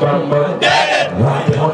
Bamba. Yeah.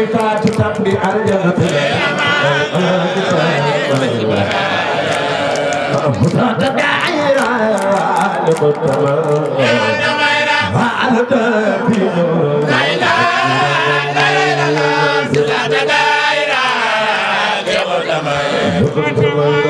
البيتات تمضي أرجلة أبطات دائرة لمتما وعلى دابين لا إله إلا الله سلطة دائرة لمتما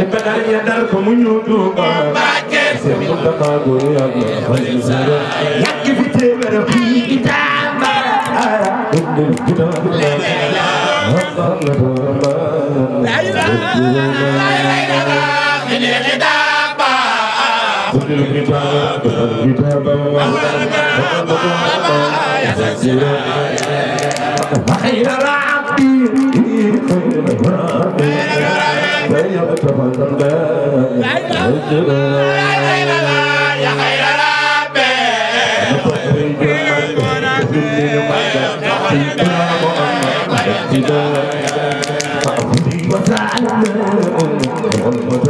بدل يدركم يدوبا يكفي تمر في تامر ضد الكتاب لا لا لا لا لا لا لا خير العبد خير العبد خير العبد لا اله الا الله يا خير العبد وسعدنا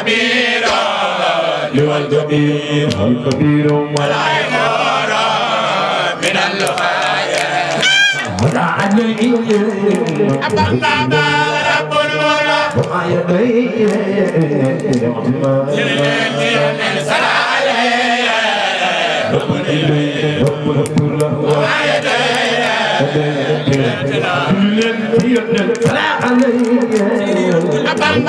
كبيرا هو الكبير هو الكبير ولا يمر من الخير ولا عليه أبدا رب الورى وما يدري وما يدري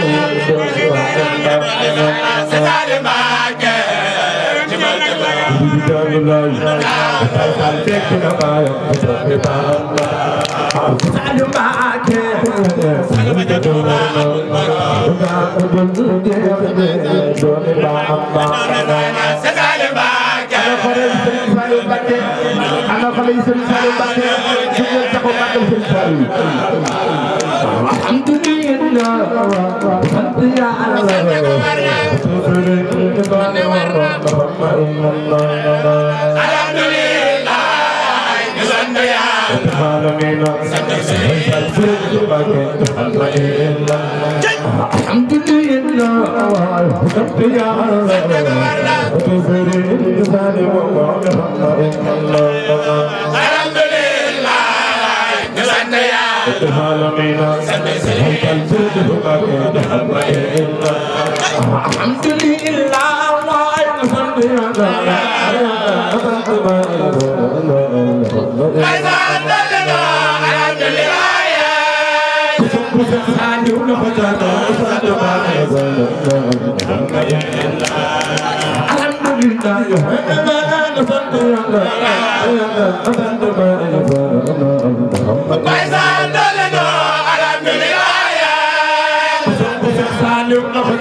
lay fekk na baayam bi Saalum Mbacké Saalum de Touba Mbacké ana xale yi Sëriñ Saalum Mbacké Alhamdulillah العالمين حق الجد فقد حبينا الحمد لله والحمد لله إذا عددنا الحمد لله الحمد لله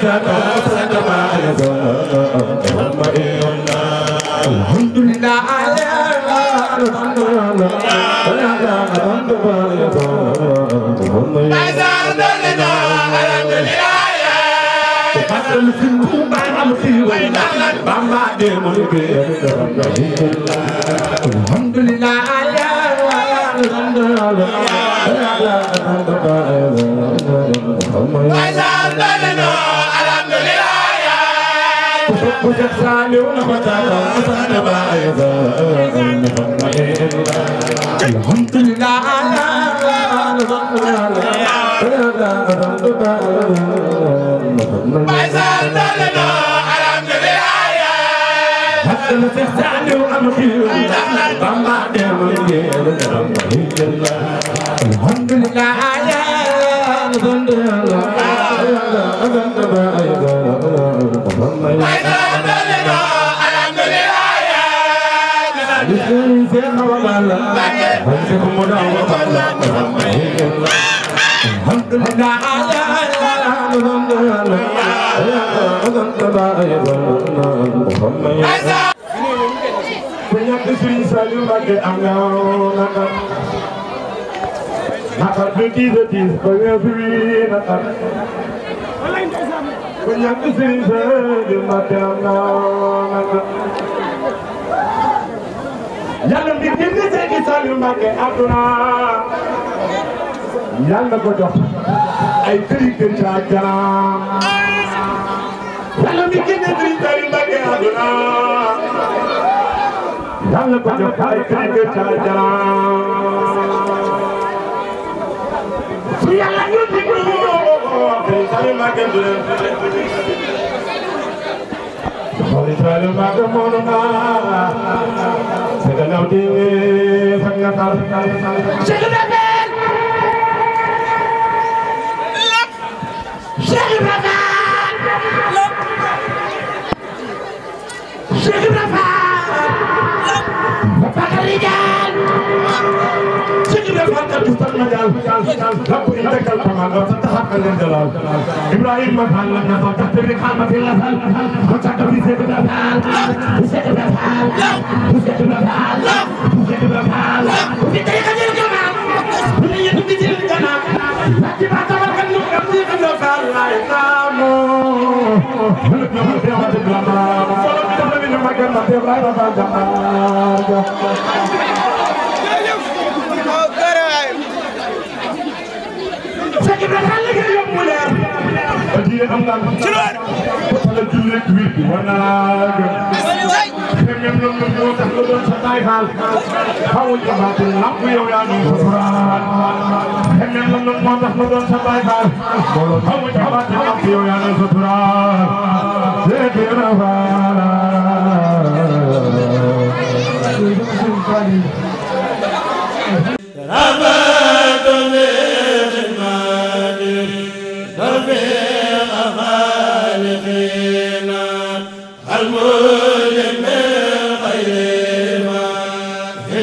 alhamdulillah bu Seex Saaliw na ko taataan asaan ba ay zaan na alhamdulillah ما زالنا على النهاية حتى تستعني وأمشي بما الحمد لله يا الحمد لله ku ñàkk Sëriñ Saliou Mbacké am nga naqar naqar du tiis a tiis ba weesu wi naqar ku ñàkk Sëriñ Saliou Mbacké am nga naqar yàlla bi gën nga Sëriñ Saliou Mbacké àdduna yàlla ko jox ay këriñ këriñ ca àjjana yàlla mi génne këriñ këriñ Mbàkke àdduna yàlla ko jox ay këriñ këriñ ca àjjana su yàlla ñu di ko ñu këriñ këriñ Mbàkke àdduna Holy Salimu Mbàkke moo nu naa sa gannaaw di fakk nga Cheikh Ibra Fall Cheikh Ibra Fall bakal rijal Cheikh Ibra Fall ka tusal majal rabbu indakal kamal wa fatahak alil jalal Ibrahim ma Fall na fa tahtabir khalma fi la Fall wa takabri Cheikh Ibra Fall Cheikh Ibra Fall Cheikh Ibra Fall Cheikh Ibra Fall fi tariqa jil kamal dunia tu dijil kamal Bagi bakal ci loolu. te ñoom ñoom ñoom ñoo tax nga doon sa taay xaal xawuñ ko baatin lamp yow yaa ngi ko suraal te ñoom ñoom ñoom moo tax nga doon sa taay xaal xawuñ ko baatin lamp yow yaa ngi ko suraal seeti na faala المؤمن